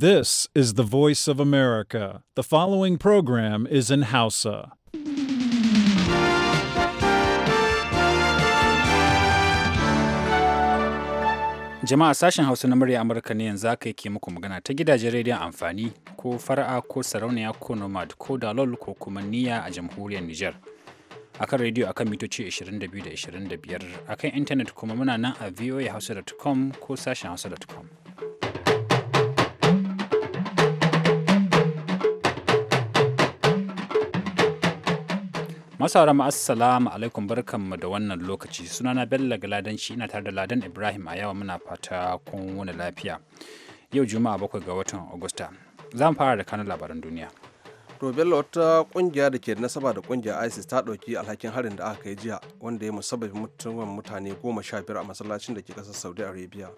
This is the voice of America. The following program is in Hausa. Jama'a sashen Hausa na murya Amurka ne yanzu aka yake muku magana ta gidajen rediyon amfani ko fara'a ko sarauniya ko nomad ko dalol ko kuma niyya a jamhuriyar Nijar. akan rediyo akan mitoci 22 da 25 akan intanet kuma muna nan a voahausa.com ko sashen hausa.com. masara mu assalamu alaikum mu da wannan lokaci sunana Bello Galadanci ina tare da Ladan Ibrahim a yawa muna fata kun wani lafiya. Yau Juma'a bakwai ga watan Agusta. Za mu fara da kanan labaran duniya. To Bello wata kungiya da ke da nasaba da kungiyar ISIS ta ɗauki alhakin harin da aka yi jiya wanda ya musabbabi mutuwan mutane goma sha biyar a masallacin da ke ƙasar Saudi Arabia.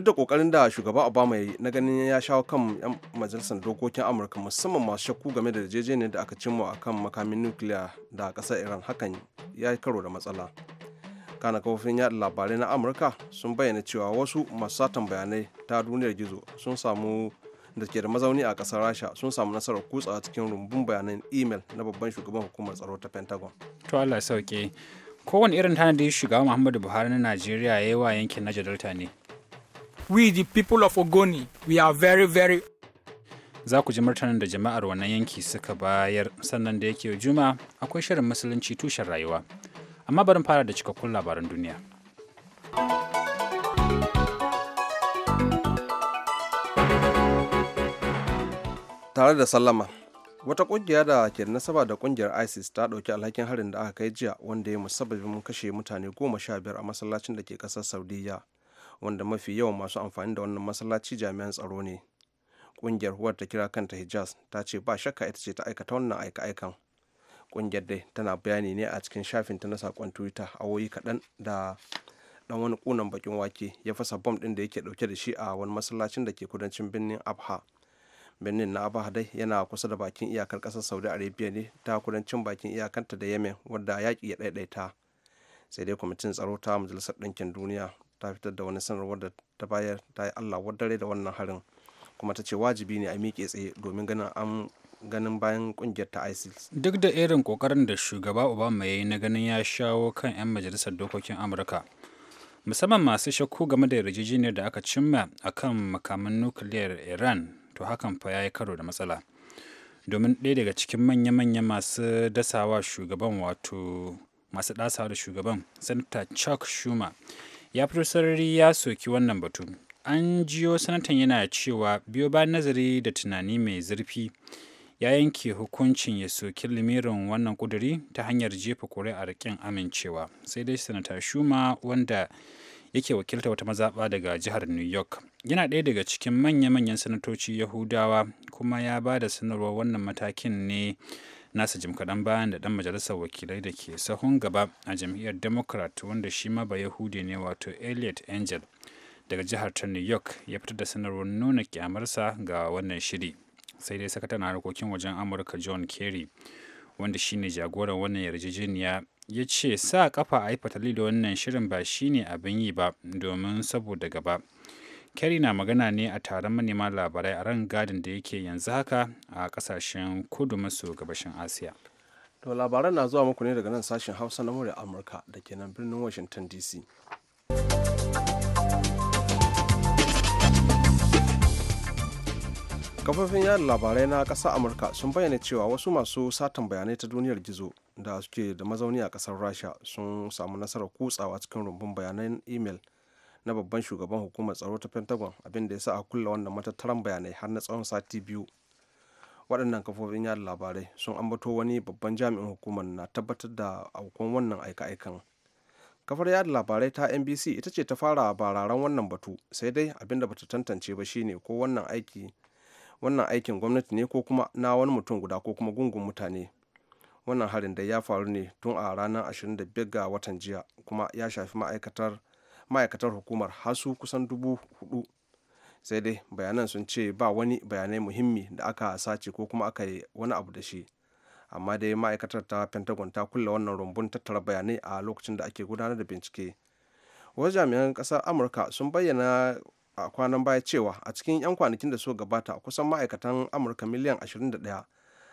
duk da kokarin da shugaba obama ya yi na ganin ya shawo kan yan majalisar dokokin amurka musamman masu shakku game da yarjejeniyar da aka cimma a kan makamin nukiliya da kasar iran hakan ya yi karo da matsala kana kafofin yada labarai na amurka sun bayyana cewa wasu masu satan bayanai ta duniyar gizo sun samu da ke da mazauni a kasar rasha sun samu nasarar kutsawa cikin rumbun bayanan imel na babban shugaban hukumar tsaro ta pentagon to allah sauke kowane irin tanadi shugaba muhammadu buhari na najeriya ya yi wa yankin na ne we the people of ogoni we are very very za ku ji martanin da jama'ar wannan yanki suka bayar sannan da yake juma akwai shirin musulunci tushen rayuwa amma barin fara da cikakkun labaran duniya tare da sallama wata kungiya da ke da nasaba da kungiyar isis ta dauki alhakin harin da aka kai jiya wanda ya musabbabin kashe mutane goma sha biyar a masallacin da ke kasar saudiya wanda mafi yawan masu amfani da wannan masallaci jami'an tsaro ne ƙungiyar huwar ta kira kanta hijaz ta ce ba shakka ita ce ta aikata wannan aika-aikan ƙungiyar dai tana bayani ne a cikin shafinta na saƙon twitter awoyi kaɗan da dan wani kunan bakin wake ya fasa bom din da yake dauke da shi a wani masallacin da ke kudancin birnin abha birnin na abha dai yana kusa da bakin iyakar kasar saudi arabia ne ta kudancin bakin iyakanta da yemen wadda yaƙi ya ɗaiɗaita sai dai kwamitin tsaro ta majalisar ɗinkin duniya ta fitar da wani sanarwar da ta bayar ta yi allah dare da wannan harin kuma ta ce wajibi ne a miƙe tsaye domin ganin an ganin bayan kungiyar ta isis. duk da irin kokarin da shugaba obama ya yi na ganin ya shawo kan 'yan majalisar dokokin amurka musamman masu shakku game da yarjejeniyar da aka cimma a kan makaman nukiliyar iran to hakan fa ya yi karo da matsala domin ɗaya daga cikin manya-manya masu dasawa shugaban wato masu dasawa da shugaban sanata chuck schumer ya fito sarari ya soki wannan batu an jiyo sanatan yana cewa biyo ba nazari da tunani mai zurfi ya yanke hukuncin ya soki limirin wannan kuduri ta hanyar jefa kuri'ar kin amincewa sai dai sanata shuma wanda yake wakilta wata mazaɓa daga jihar new york yana ɗaya daga cikin manya-manyan sanatoci yahudawa kuma ya ba da sanarwar wannan matakin ne nasa jim kaɗan bayan da ɗan majalisar wakilai da ke sahun gaba a jam'iyyar democrat wanda shi ma ba yahudi ne wato elliot angel daga jihar ta new york ya fitar da sanarwar nuna kyamarsa ga wannan shiri sai dai sakataren harkokin wajen amurka john kerry wanda shine jagoran wannan yarjejeniya ya ce sa kafa a yi fatali da wannan shirin ba shine abin yi ba domin saboda gaba Kerry na magana ne a taron manema labarai a ran gadin da yake yanzu haka a kasashen kudu maso gabashin Asiya. To labaran na zuwa muku ne daga nan sashen Hausa na murya Amurka da ke nan birnin Washington DC. kafofin yada labarai na ƙasar amurka sun bayyana cewa wasu masu satan bayanai ta duniyar gizo da suke da mazauni a ƙasar rasha sun samu nasarar kutsawa cikin rumbun bayanan imel na babban shugaban hukumar tsaro ta pentagon abinda ya sa a kulle wannan matattaran bayanai har na tsawon sati biyu waɗannan kafofin yada labarai sun ambato wani babban jami'in hukumar na tabbatar da aukon wannan aika-aikan kafar yada labarai ta nbc ita ce ta fara bararen wannan batu sai dai abinda bata tantance ba shine ko wannan aiki wannan aikin gwamnati ne ko kuma na wani mutum guda ko kuma gungun mutane wannan harin da ya faru ne tun a ranar 25 ga watan jiya kuma ya shafi ma'aikatar ma'aikatar hukumar hasu kusan dubu hudu sai dai bayanan sun ce ba wani bayanai muhimmi da aka sace ko kuma aka yi wani abu da shi amma dai ma'aikatar ta pentagon ta kulle wannan rumbun tattara bayanai a lokacin da ake gudanar da bincike wasu jami'an kasar amurka sun bayyana a kwanan baya cewa a cikin 'yan kwanakin da suka gabata kusan ma'aikatan amurka miliyan 21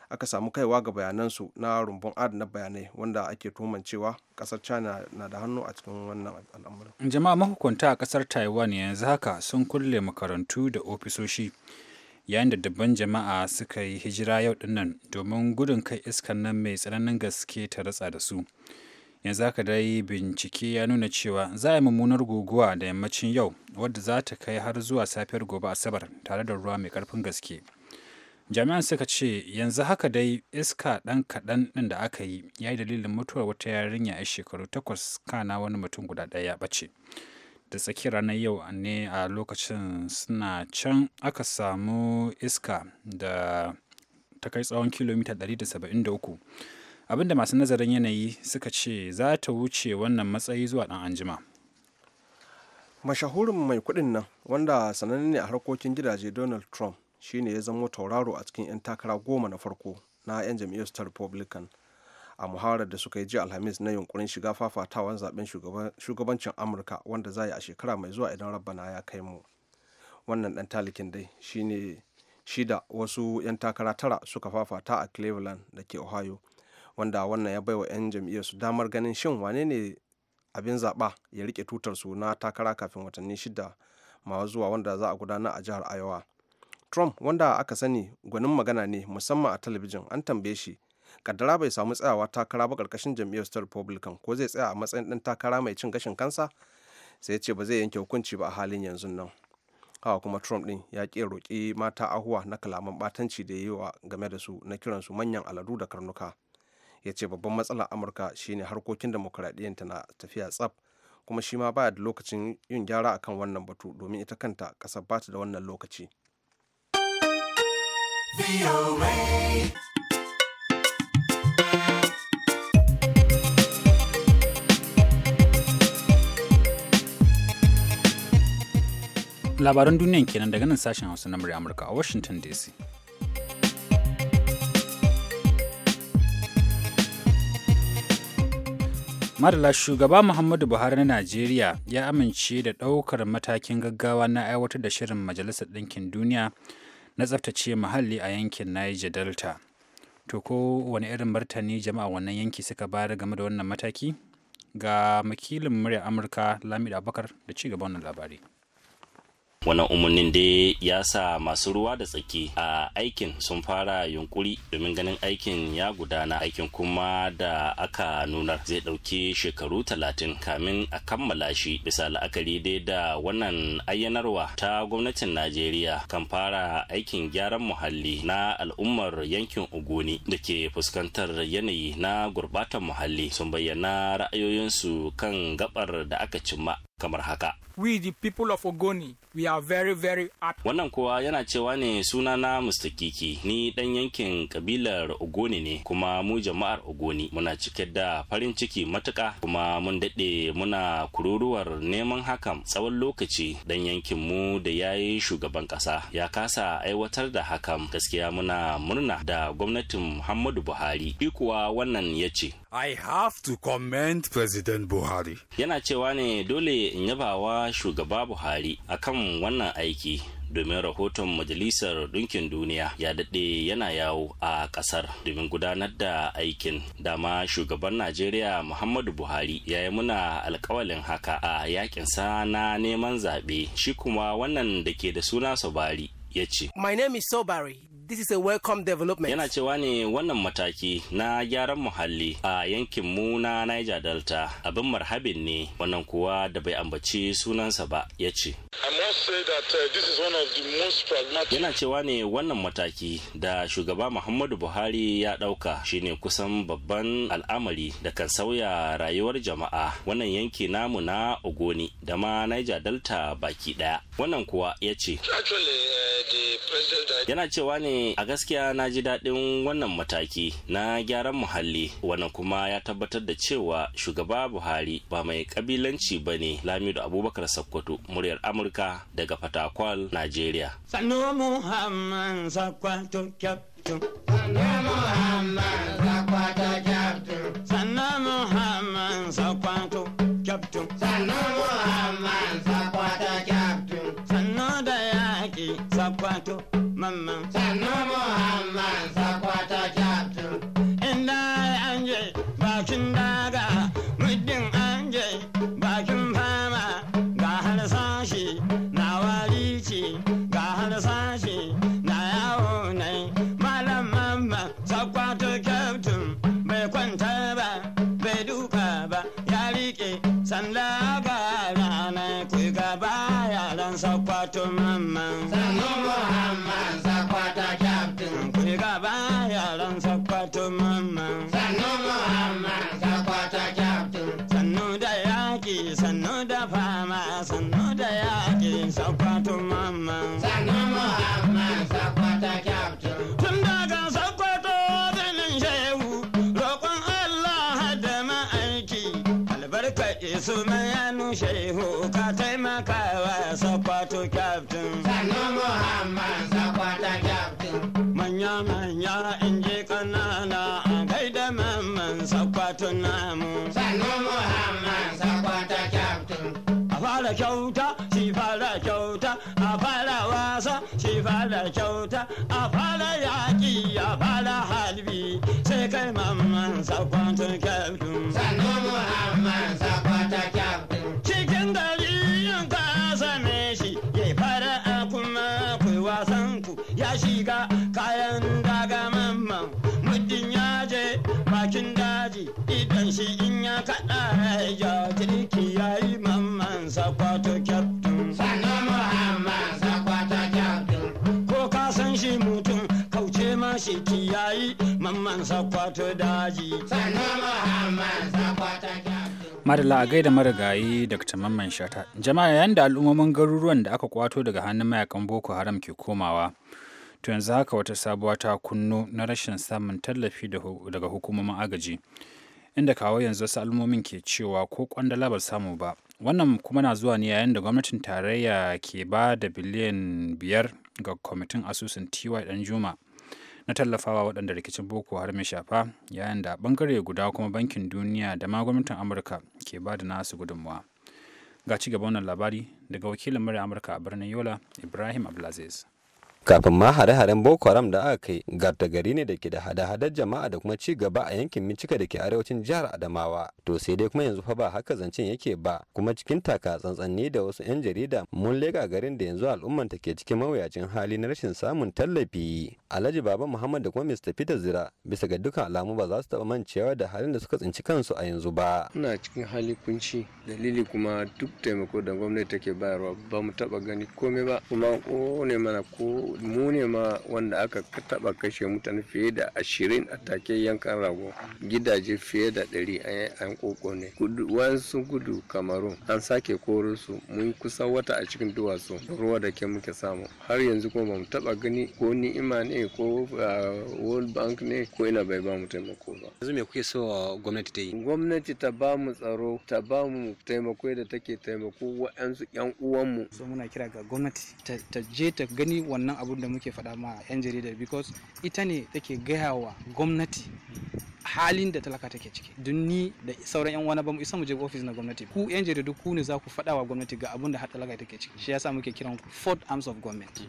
aka samu kaiwa ga bayanansu na rumbun adana bayanai wanda ake tuhuman cewa kasar china na da hannu a cikin wannan al'amuran. jama'a mahukunta a kasar taiwan yanzu haka sun kulle makarantu da ofisoshi yayin da dabban jama'a suka yi hijira yau dinnan domin gudun kai iskan nan mai tsananin gaske ta ratsa da su yanzu haka dai bincike ya nuna cewa za a yi mummunar guguwa da yammacin yau wadda za ta kai har zuwa safiyar gobe asabar tare da ruwa mai karfin gaske jami'an suka ce yanzu haka dai iska ɗan kaɗan ɗin da aka yi ya yi dalilin mutuwar wata yarinya a shekaru takwas kana wani mutum guda ɗaya ya ɓace da tsakiyar ranar yau ne a lokacin suna can aka samu iska da ta kai tsawon kilomita 173 abinda masu nazarin yanayi suka ce za ta wuce wannan matsayi zuwa ɗan anjima mashahurin mai kuɗin nan wanda sananne ne a harkokin gidaje donald trump shine ya zamo tauraro a cikin 'yan takara goma na farko na 'yan jam'iyyar ta republican a muhawarar da suka yi ji alhamis na yunkurin shiga fafatawan zaben shugabancin amurka wanda za yi a shekara mai zuwa idan rabbana ya kai mu wannan dan talikin dai shine shida wasu 'yan takara tara suka fafata a cleveland da ke ohio wanda wannan ya baiwa 'yan su damar ganin shin wane ne abin zaɓa ya rike tutarsu na takara kafin watanni shida ma zuwa wanda za a gudanar a jihar iowa trump wanda aka sani gwanin magana ne musamman a talabijin an tambaye shi kaddara bai samu tsayawa takara ba karkashin jam'iyyar star republican ko zai tsaya a matsayin dan takara mai cin gashin kansa sai ce ba zai yanke hukunci ba a halin yanzu nan hawa kuma trump din ya ƙi roƙi mata ahuwa na kalaman batanci da yi wa game da su na kiransu manyan aladu da karnuka ya ce babban matsalar amurka shine harkokin ta na tafiya tsaf kuma shi ma baya da lokacin yin gyara akan wannan batu domin ita kanta ƙasar bata da wannan lokaci labaran duniyan kenan daga nan sashen hausa na murya amurka a washington dc madala shugaba muhammadu buhari na najeriya ya amince da ɗaukar matakin gaggawa na aiwatar da shirin majalisar ɗinkin duniya na tsaftace muhalli a yankin Niger Delta. To ko wani irin martani jama'a wannan yanki suka bayar game da wannan mataki? Ga makilin murya Amurka Lamid Abubakar da ci gaban wannan labari. wannan umarnin dai ya sa masu ruwa da tsaki a aikin sun fara yunkuri domin ganin aikin ya gudana aikin kuma da aka nunar zai ɗauki shekaru talatin kamin a kammala shi bisa la'akari dai da wannan ayyanarwa ta gwamnatin najeriya kan fara aikin gyaran muhalli na al'ummar yankin uguni da ke fuskantar yanayi na gurbatan muhalli sun bayyana ra'ayoyinsu kan gabar da aka cimma kamar haka. We the people of Ogoni, we are very very happy. Wannan kowa yana cewa ne suna na Mr. Kiki, ni dan yankin kabilar Ogoni ne kuma mu jama'ar Ogoni muna cike da farin ciki matuka kuma mun daɗe muna kururuwar neman hakan tsawon lokaci dan yankin mu da yayi shugaban ƙasa ya kasa aiwatar da hakan gaskiya muna murna da gwamnatin Muhammadu Buhari. ikuwa wannan yace I have to comment President Buhari. Yana cewa ne dole in yaba wa shugaba buhari akan wannan aiki domin rahoton majalisar ɗinkin duniya ya daɗe yana yawo a ƙasar domin gudanar da aikin dama shugaban najeriya muhammadu buhari ya yi muna alkawalin haka a yakin sa na neman zaɓe shi kuma wannan da ke da suna sobari ya ce my name is sobari this is a welcome development yana cewa ne wannan mataki na gyaran muhalli a yankin mu na Niger Delta abin marhabin ne wannan kuwa da bai ambaci sunansa ba ya ce uh, yana cewa ne wannan mataki da shugaba Muhammadu Buhari ya dauka shine kusan babban al'amari da kan sauya rayuwar jama'a wannan yanki namu na Ogoni da ma Niger Delta baki daya wannan kuwa ya ce uh, yana cewa ne a gaskiya na ji daɗin wannan mataki na gyaran muhalli wannan kuma ya tabbatar da cewa shugaba buhari ba mai kabilanci ba ne lamido abubakar sakkwato muryar amurka daga fatakwal nigeria Sanno da yaki sakwato mamman Talk about fara kyauta a fara yaƙi a fara halbi sai kai mamman sakwanta kyaftin sannu muhamman sakwanta kyaftin cikin gari yin ka same shi ya fara a kuma kai wasan ku ya shiga kayan daga mamman muddin ya je bakin daji idan shi in ya kaɗa ya jirki ya yi mamman sakwato kyaftin shi yayi mamman sakwato daji madala a gaida marigayi dr mamman shata jama'a yayin da al'ummomin garuruwan da aka kwato daga hannun mayakan boko haram ke komawa to yanzu haka wata sabuwa ta kunno na rashin samun tallafi daga hukumomin agaji inda kawo yanzu wasu al'ummomin ke cewa ko kwandala ba samu ba wannan kuma na zuwa ne yayin da gwamnatin tarayya ke ba da biliyan biyar ga kwamitin asusun ty dan juma na tallafawa waɗanda rikicin boko haram ya shafa yayin da bangare guda kuma bankin duniya da ma gwamnatin amurka ke ba da nasu gudunmawa ga ci gaba wannan labari daga wakilin murya amurka a birnin yola ibrahim abdulaziz kafin ma hare-haren boko haram da aka kai garta gari ne da ke da hada-hadar jama'a da kuma ci gaba a yankin mincika da ke arewacin jihar adamawa to sai dai kuma yanzu fa ba haka zancen yake ba kuma cikin taka tsantsanni da wasu 'yan jarida mun lega garin da yanzu al'umman ta ke cikin mawuyacin hali na rashin samun tallafi alhaji baba muhammad da kuma mr peter zira bisa ga dukkan alamu ba za su taba mancewa da halin da suka tsinci kansu a yanzu ba ina cikin hali kunci dalili kuma duk taimako da gwamnati take bayarwa ba mu taba gani komai ba kuma ko ne mana ko mu ne ma wanda aka taba kashe mutane fiye da ashirin a take yankan rago gidaje fiye da ɗari an koko ne wasu gudu kamaru an sake koro su mun kusa wata a cikin duwatsu ruwa da ke muke samu har yanzu kuma ba mu taba gani ko ni'ima ne ko ah, world bank ne ko ina bai ba mu taimako ba yanzu me kuke so gwamnati ta yi gwamnati ta ba mu tsaro ta ba mu taimako da take taimako wa'ansu yan uwanmu so muna kira ga gwamnati ta je ta gani wannan abun da muke faɗa ma 'yan jaridar because ita ne take gaya wa gwamnati halin da talaka take ciki dun ni da sauran yan wani ba mu isa mu je ofis na gwamnati ku yan jaridu ku ne za ku faɗa wa gwamnati ga abin da har talaka take ciki shi yasa muke kiran ku fourth arms of government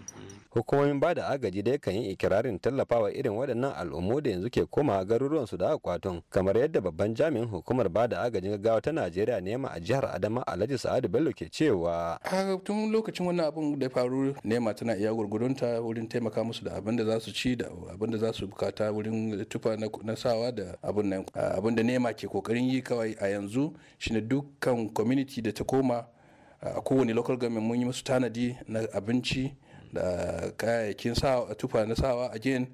hukumomin ba da agaji da kan yi ikirarin tallafawa irin waɗannan al'ummu da yanzu ke koma garuruwan su da akwaton kamar yadda babban jami'in hukumar ba bada agajin gaggawa ta Najeriya nema a jihar Adama Alhaji Sa'adu Bello ke cewa har tun lokacin wannan abin da faru nema tana iya gurgurunta wurin taimaka musu da abin da za su ci da abin da za su bukata wurin tufa na sawa da Abin da nema ke kokarin yi kawai a yanzu shine dukkan community da ta koma a kowane local government mun yi musu tanadi na abinci da kayayyakin tufa na sawa a again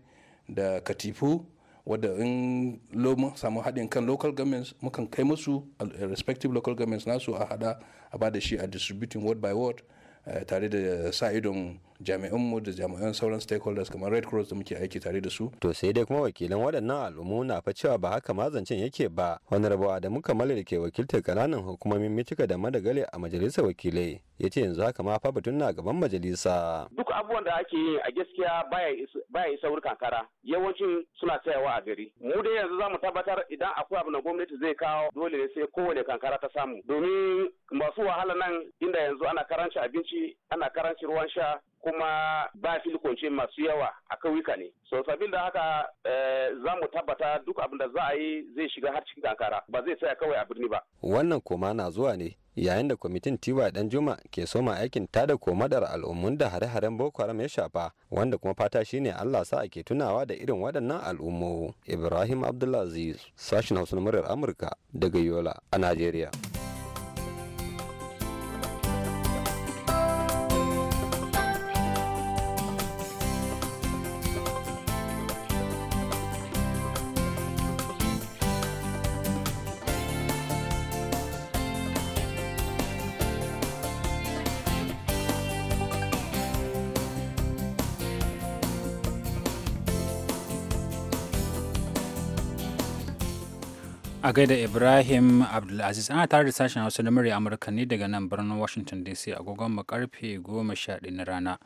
da katifu wadda in mun samu haɗin kan local governments mukan kai musu respective local governments nasu a hada a ba da shi a distributing word by word eh, tare da sa idon jami'anmu da jami'an sauran stakeholders kamar red cross da muke aiki tare da su to sai dai kuma wakilan waɗannan al'ummu na fa cewa ba haka ma zancen yake ba wani rabawa da muka da ke wakiltar kananan hukumomin mitika da madagali a majalisar wakilai ya ce yanzu haka ma fa batun na gaban majalisa duk abubuwan da ake yi a gaskiya baya isa wurkan kara yawancin suna tsayawa a gari mu dai yanzu za mu tabbatar idan akwai abu na gwamnati zai kawo dole ne sai kowane kankara ta samu domin masu wahala nan inda yanzu ana karanci abinci ana karanci ruwan sha kuma ba filkonce masu yawa a kauyuka ne so sabin da haka eh, za mu tabbata duk abin da za a yi zai shiga har cikin kankara ba zai tsaya kawai a birni ba wannan koma na zuwa ne yayin da kwamitin tiwa dan juma ke soma aikin tada komadar al'ummun da hare-haren boko haram ya shafa wanda kuma fata shine allah sa ake tunawa da irin waɗannan al'ummu ibrahim abdulaziz sashen hausa na muryar amurka daga yola a najeriya A gaida Ibrahim Abdulaziz ana tare da sashen Hausa na murya Amurka ne daga nan birnin Washington DC agogon goma sha 11 na rana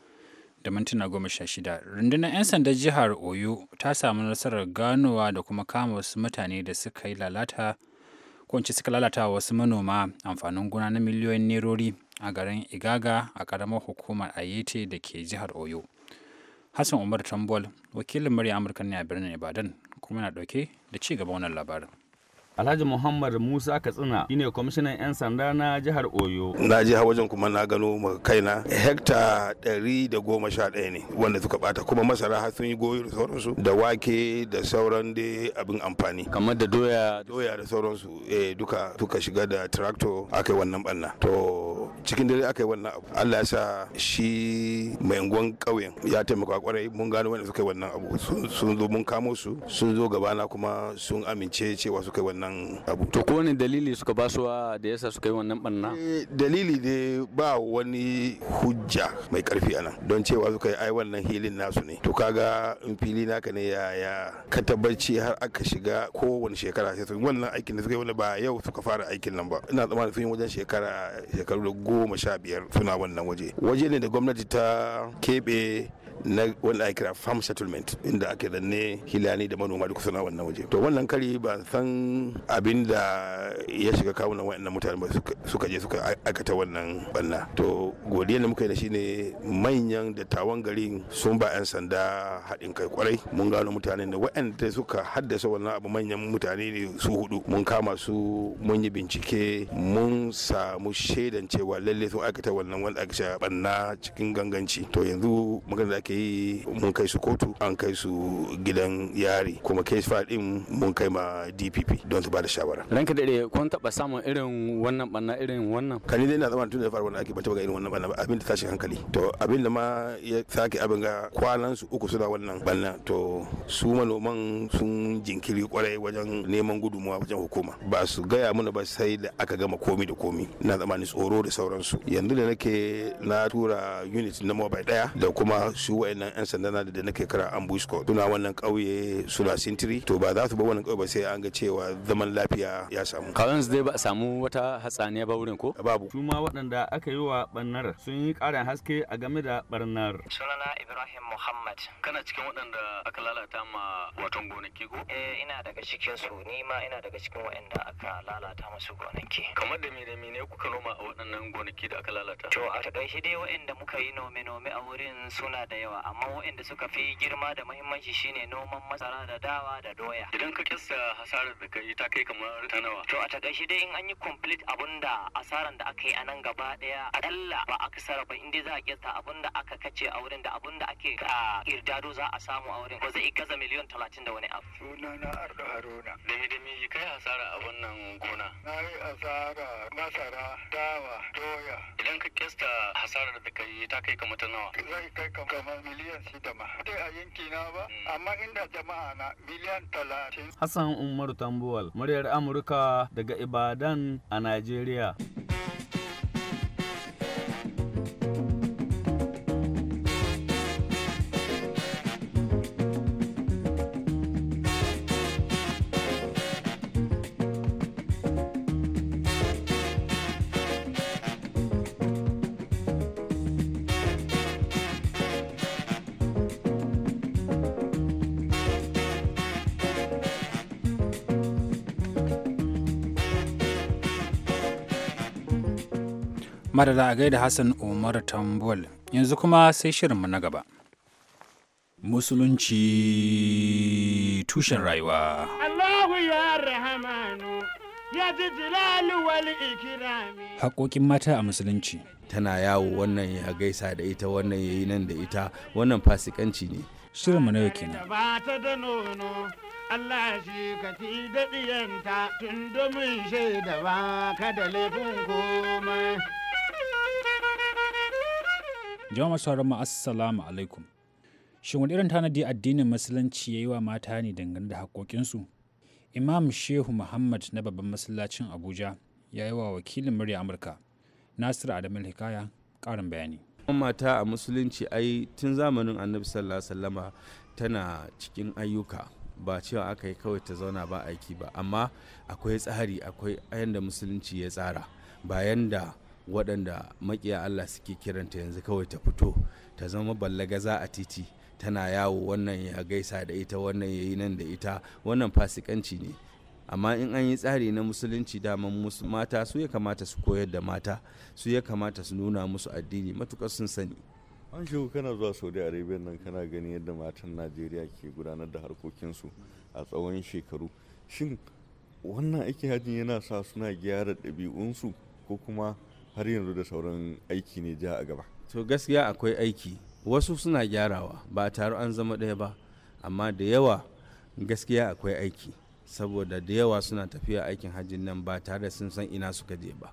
da mintuna goma sha shida Rundunar 'yan sanda jihar Oyo ta samu nasarar ganowa da kuma kama wasu mutane da suka yi lalata ko suka lalata wasu manoma amfanin gona na miliyoyin nerori a garin Igaga a karamar hukumar Ayete da ke jihar Oyo. Hassan Umar Tambol wakilin murya Amurka ne a birnin Ibadan kuma na dauke da ci gaba wannan labarin. Alhaji Muhammad Musa Katsina shine kwamishinan 'yan sanda na jihar Oyo. Na je wajen kuma na gano maka kaina hekta ɗari da goma sha ɗaya ne wanda suka bata kuma masara har sun yi goyo da sauransu da wake da sauran da abin amfani. Kamar da doya. Doya da sauransu eh duka suka shiga da tractor aka yi wannan banna. To cikin dare aka yi wannan abu. Allah ya sa shi mai unguwan ƙauyen ya taimaka kwarai mun gano wanda suka yi wannan abu sun zo mun kamo su sun zo gabana kuma sun amince cewa suka yi wannan wannan abu to ko ne dalili suka ba su da yasa suka yi wannan banna eh, dalili ne ba wani hujja mai karfi anan don cewa suka yi ai wannan hilin nasu ne to kaga in fili naka ne ya ya ka tabbaci har aka shiga kowane shekara sai sun wannan aikin da suka yi wani ba yau suka fara aikin nan ba ina tsammanin sun yi wajen shekara shekaru goma sha biyar suna wannan waje waje ne da gwamnati ta keɓe na wanda ake kira farm settlement inda ake zanne hilani da manoma duk suna wannan waje to wannan kari ba san abin da ya shiga na waɗannan mutane ba suka je suka aikata wannan banna to godiya da muka yi da shi ne manyan dattawan garin sun ba 'yan sanda haɗin kai kwarai mun gano mutane da waɗanda suka haddasa wannan abu manyan mutane ne su hudu mun kama su mun yi bincike mun samu shaidan cewa lalle sun aikata wannan wanda aka banna cikin ganganci to yanzu magana da ake fadi mun kai su kotu an kai su gidan yari kuma case file din mun kai ma DPP don su ba da shawara ranka da dare kun taba samun irin wannan banna irin wannan kani dai na zama tun da farko wannan ake ba taba ga irin wannan banna abin da tashi hankali to abin da ma ya sake abin ga kwanan su uku suna wannan banna to su manoman sun jinkiri kwarai wajen neman gudunmuwa wajen hukuma ba su gaya mana ba sai da aka gama komi da komi na zamanin tsoro da sauransu yanzu da nake na tura unit na mobile daya da kuma su wa'annan yan sanda na da nake kira ambush squad tuna wannan kauye suna sintiri to ba za su ba wannan kauye ba sai an ga cewa zaman lafiya ya samu kawai dai ba samu wata hatsaniya ba wurin ko babu su ma waɗanda aka yi wa barnar sun yi ƙarin haske a game da barnar sunana ibrahim muhammad kana cikin waɗanda aka lalata ma waton gonaki ko eh ina daga cikin su ni ma ina daga cikin waɗanda aka lalata musu gonaki kamar da me da me ne kuka noma a waɗannan gonaki da aka lalata to a takaice dai waɗanda muka yi nome nome a wurin suna da yawa amma waɗanda suka fi girma da muhimmanci shine noman masara da dawa da doya idan ka kissa hasarar da kai ta kai kamar ta nawa to a takaice dai in an yi complete abun da asaran da aka yi a nan gaba daya akalla ba aksara ba inda za a kissa abun da aka kace a wurin da abun da ake ka kirdado za a samu a wurin ba zai gaza miliyon talatin da wani abu na arda haruna da dame kai hasara a wannan gona na yi asara masara dawa doya idan ka kista hasarar da kai ta kai kamar ta nawa zai kai kamar miliyan sita ma. Dai a yanki na ba, hmm. amma inda jama'a na miliyan talatin. Hassan Umaru Tambuwal, muryar Amurka daga Ibadan a Najeriya. madada a gaida hassan umar tambol yanzu kuma sai shirinmu na gaba musulunci tushen rayuwa Allahu ya rahamanu ya ji jilalu wal ikirami haƙoƙin mata a musulunci tana yawo wannan ya gaisa da ita wannan ya yi nan da ita wannan fasikanci ne shirinmu na yau kenan Allah shi ka fi daɗiyanta tun domin shaida ba da laifin komai. Jama'a masu haramu assalamu alaikum. Shin wani irin tanadi addinin musulunci ya yi wa mata ne dangane da haƙoƙinsu? Imam Shehu Muhammad na babban masallacin Abuja ya yi wa wakilin murya Amurka Nasir adamu Hikaya ƙarin bayani. mata a musulunci ai tun zamanin annabi sallallahu alaihi wasallama tana cikin ayyuka ba cewa aka yi kawai ta zauna ba aiki ba amma akwai tsari akwai yadda musulunci ya tsara bayan da waɗanda makiya Allah suke kiranta yanzu kawai ta fito ta zama ballagaza a titi tana yawo wannan ya gaisa da ita wannan ya yi nan da ita wannan fasikanci ne amma in an yi tsari na musulunci daman mata su ya kamata su koyar da mata su ya kamata su nuna musu addini matukar sun sani an shigo kana zuwa saudi arabia nan kana gani yadda matan najeriya ke gudanar da harkokinsu a tsawon shekaru shin wannan ake hajji yana sa suna gyara ɗabi'unsu ko kuma har yanzu da sauran aiki ne ja a gaba to gaskiya akwai aiki wasu suna gyarawa ba a an zama ɗaya ba amma da yawa gaskiya akwai aiki saboda da yawa suna tafiya aikin hajji nan ba tare sun san ina suka je ba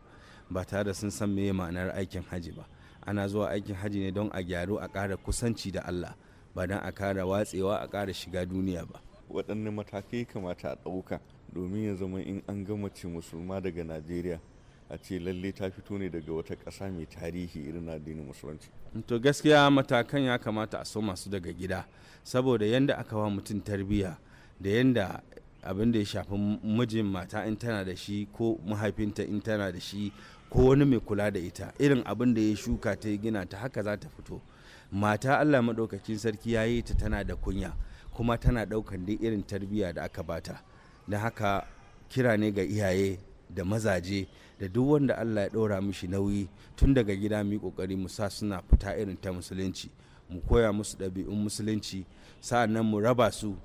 ba tare da sun san me ma'anar aikin hajji ba ana zuwa aikin hajji ne don a gyaru a ƙara kusanci da allah ba don a ƙara watsewa a ƙara shiga duniya ba waɗanne matakai kamata a ɗauka domin ya zama in an gama ce musulma daga najeriya a ce lalle ta fito ne daga wata ƙasa mai tarihi irin addinin musulunci to gaskiya matakan ya kamata a so masu daga gida saboda yanda aka wa mutum tarbiyya da yanda abin da ya shafi mijin mata in tana da shi ko mahaifinta in tana da shi ko wani mai kula da ita irin abin da ya shuka ta yi gina ta haka za ta fito mata allah maɗaukacin sarki ya yi ta tana da kunya kuma tana ɗaukan dai irin tarbiyya da aka bata don haka kira ne ga iyaye da mazaje da duk wanda Allah ya ɗora mishi nauyi tun daga gida mu kokari mu sa suna fita irin ta musulunci mu koya musu ɗabi'un musulunci sa'annan mu raba su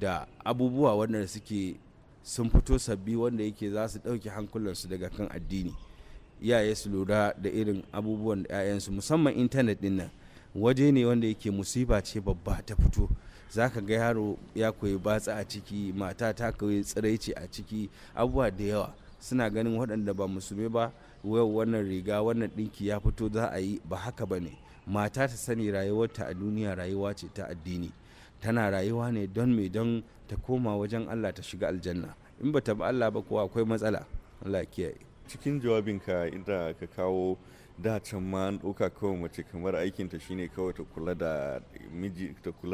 da abubuwa wanda suke sun fito sabbi wanda yake za su ɗauki hankulansu daga kan addini iyaye su lura da irin abubuwan da 'ya'yansu musamman intanet ɗin nan waje ne wanda yake musiba ce babba ta fito za ka ga yaro ya koyi batsa a ciki mata ta koyi tsiraici a ciki abubuwa da yawa suna ganin waɗanda ba musulmi ba wannan riga wannan ɗinki ya fito za a yi ba haka ba ne mata ta sani rayuwarta a duniya rayuwa ce ta addini tana rayuwa ne don me don ta koma wajen allah ta shiga aljanna in ba ta ba allah ba kuwa akwai matsala allah kiyaye cikin jawabinka inda ka kawo da can ma an ɗauka kawai mace kamar aikinta shine kawai ta kula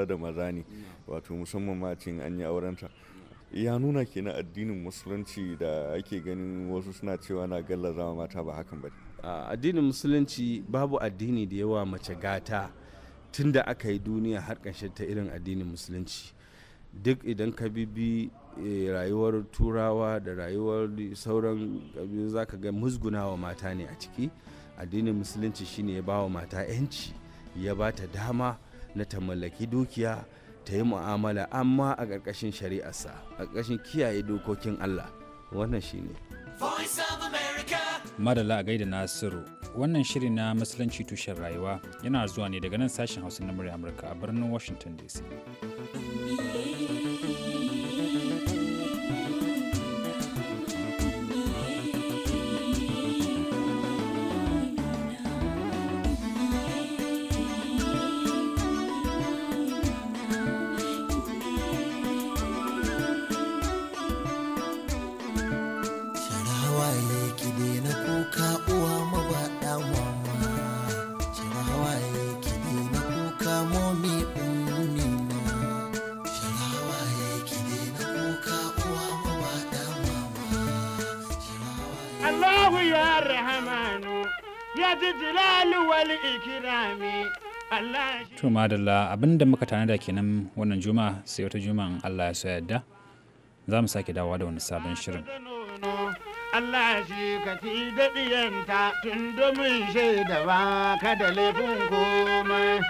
da maza ne mm. wato musamman ma cin an yi aurenta ya nuna kenan addinin musulunci da ake ganin wasu suna cewa na galla zama mata ba hakan ba addinin musulunci babu addini da yawa mace gata tun da aka yi duniya har ƙarshen ta irin addinin musulunci duk idan ka bibi e, rayuwar turawa da rayuwar sauran ƙabilu za ka ga musgunawa mata ne a ciki addinin musulunci shine ya ba wa mata 'yanci ya ba ta dama na ta mallaki dukiya ta yi mu'amala amma a ƙarƙashin shari'arsa a ƙarƙashin kiyaye dokokin Allah wannan shi ne. Madalla a gaida Nasiru wannan shiri na musulunci tushen rayuwa yana zuwa ne daga nan sashen hausa na murya Amurka a birnin Washington DC. to madalla abinda muka tanada kenan wannan juma sai wata in Allah ya so yadda za mu sake dawowa da wani sabon shirin Allah shi ka ci daɗiyanta tun domin shaida ba ka da laifin komai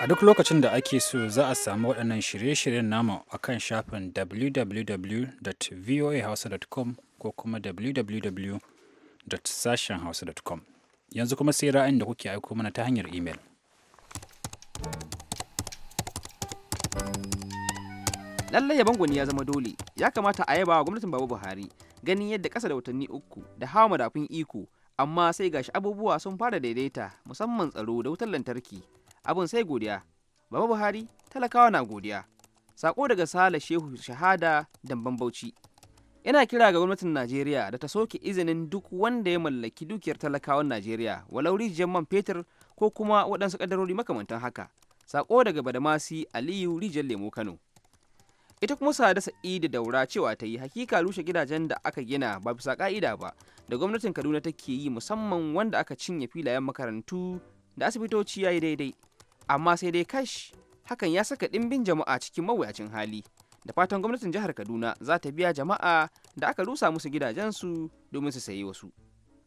a duk lokacin da ake so za a samu waɗannan shirye-shiryen namu a kan shafin www.voahausa.com ko kuma www.sashenhausa.com yanzu kuma sai ra'ayin da kuke aiko mana ta hanyar imel. lallai yaban gwani ya zama dole ya kamata a yaba wa gwamnatin baba buhari ganin yadda ƙasa da watanni uku da hawa madafin iko amma sai gashi abubuwa sun fara daidaita musamman tsaro da wutar lantarki abin sai godiya baba buhari talakawa na godiya sako daga sale shehu shahada damban bauchi Ina kira ga gwamnatin najeriya da ta soke izinin duk wanda ya mallaki dukiyar talakawan najeriya walau rijiyar man fetur ko kuma waɗansu ƙaddarori makamantan haka sako daga badamasi aliyu rijiyar lemo kano ita kuma sada sa'idu daura cewa ta yi hakika rushe gidajen da aka gina ba bisa ka'ida ba da gwamnatin kaduna take yi musamman wanda aka cinye filayen makarantu da asibitoci ya yi daidai amma sai dai kash hakan ya saka ɗimbin jama'a cikin mawuyacin hali da fatan gwamnatin jihar kaduna za ta biya jama'a da aka rusa musu gidajensu domin su sayi wasu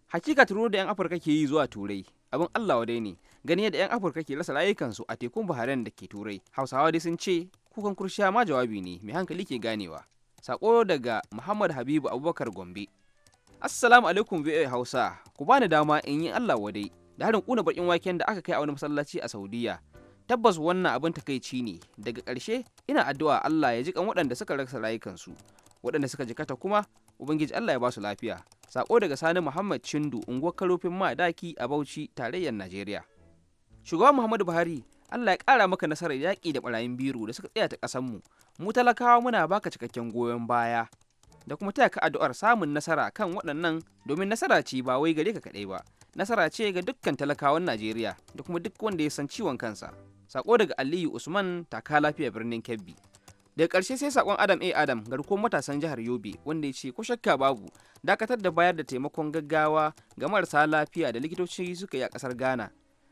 hakika turo da 'yan afirka ke yi zuwa turai abin allah wadai ne gani yadda 'yan afirka ke rasa rayukansu a tekun bahrain da ke turai hausawa dai sun ce kukan kurshiya ma jawabi ne mai hankali ke ganewa sako daga muhammad habibu abubakar gombe assalamu alaikum bai hausa ku bani dama in yi allah wadai da harin kuna bakin waken da aka kai a wani masallaci a saudiya tabbas wannan abin takaici ne daga ƙarshe ina addu'a allah ya ji kan waɗanda suka rasa rayukansu waɗanda suka jikata kuma ubangiji allah ya ba su lafiya sako daga sani muhammad Chindu, unguwar karofin madaki a bauchi tarayyar najeriya shugaban muhammadu buhari allah ya ƙara maka nasarar yaƙi da barayin biro da suka tsaya ta ƙasanmu mu talakawa muna baka cikakken goyon baya da kuma taya ka addu'ar samun nasara kan waɗannan domin nasara ce ba wai gare ka kaɗai ba nasara ce ga dukkan talakawan najeriya da kuma duk wanda ya san ciwon kansa sako daga aliyu usman taka lafiya birnin kebbi daga ƙarshe sai sakon adam a adam garkuwar matasan jihar yobe wanda ya ce ko shakka babu dakatar da bayar da taimakon gaggawa ga marasa lafiya da likitoci suka yi a ƙasar ghana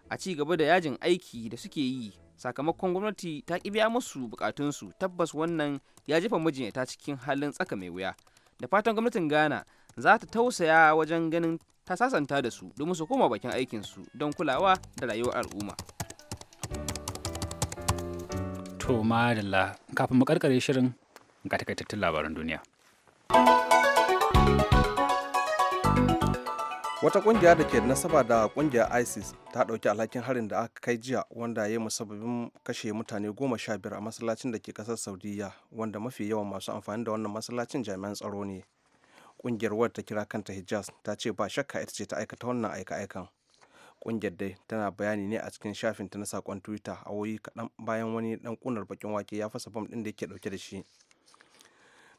a ci gaba da yajin aiki da suke yi sakamakon gwamnati ta ƙi biya musu bukatunsu tabbas wannan ya jefa ta cikin halin tsaka mai wuya da fatan gwamnatin ghana za ta tausaya wajen ganin ta sasanta da su domin su koma bakin aikinsu don kulawa da rayuwar al'umma. To madalla kafin mu karkare shirin ga takaitattun labaran duniya. Wata kungiya da ke nasaba da kungiyar ISIS ta ɗauki alhakin harin da aka kai jiya wanda ya yi musabbabin kashe mutane goma sha biyar a masallacin da ke ƙasar Saudiyya wanda mafi yawan masu amfani da wannan masallacin jami'an tsaro ne. Kungiyar wadda ta kira kanta Hijaz ta ce ba shakka ita ce ta aikata wannan aika-aikan. Ƙungiyar dai tana bayani ne a cikin shafin ta na sakon Twitter awoyi kaɗan bayan wani ɗan ƙunar baƙin wake ya fasa bam ɗin da yake ɗauke da shi.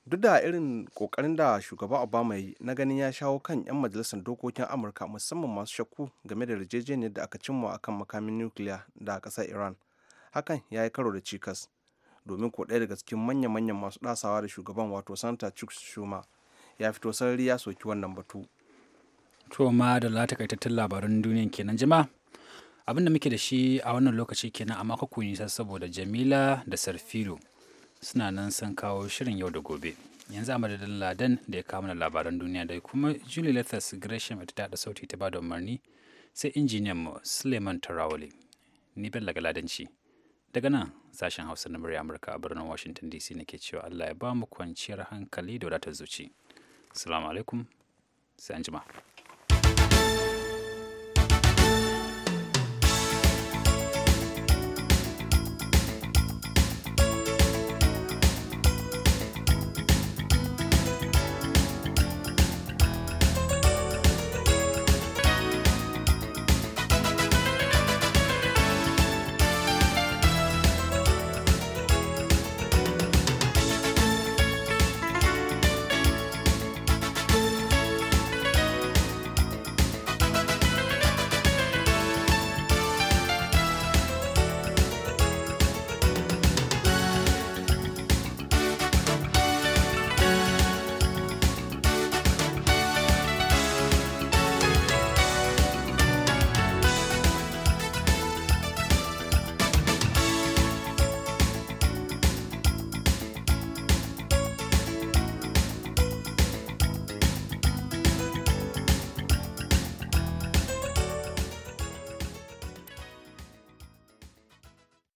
Duk da irin ƙoƙarin da shugaba Obama yi na ganin ya shawo kan 'yan majalisar dokokin Amurka musamman masu shakku game da yarjejeniyar da aka cimma akan makamin nukiliya da ƙasar Iran. Hakan ya yi karo da cikas. domin ko ɗaya daga cikin manya-manyan masu ɗasawa da shugaban wato santa chuks shuma ya fito sarari ya soki wannan batu To ma da la takaitattun labaran duniyan kenan jima. Abin da muke da shi a wannan lokaci kenan amma ku nisa saboda Jamila da Sarfilo suna nan san kawo shirin yau da gobe. Yanzu a madadin Ladan da ya kawo mana labaran duniya da kuma Julie Lethas Gresham ta da sauti ta ba da umarni sai injiniyan mu Suleiman tarawali Ni Bello ladanci Daga nan sashen Hausa na murya Amurka a birnin Washington DC ke cewa Allah ya ba mu kwanciyar hankali da wadatar zuci. salamu alaikum. Sai anjima.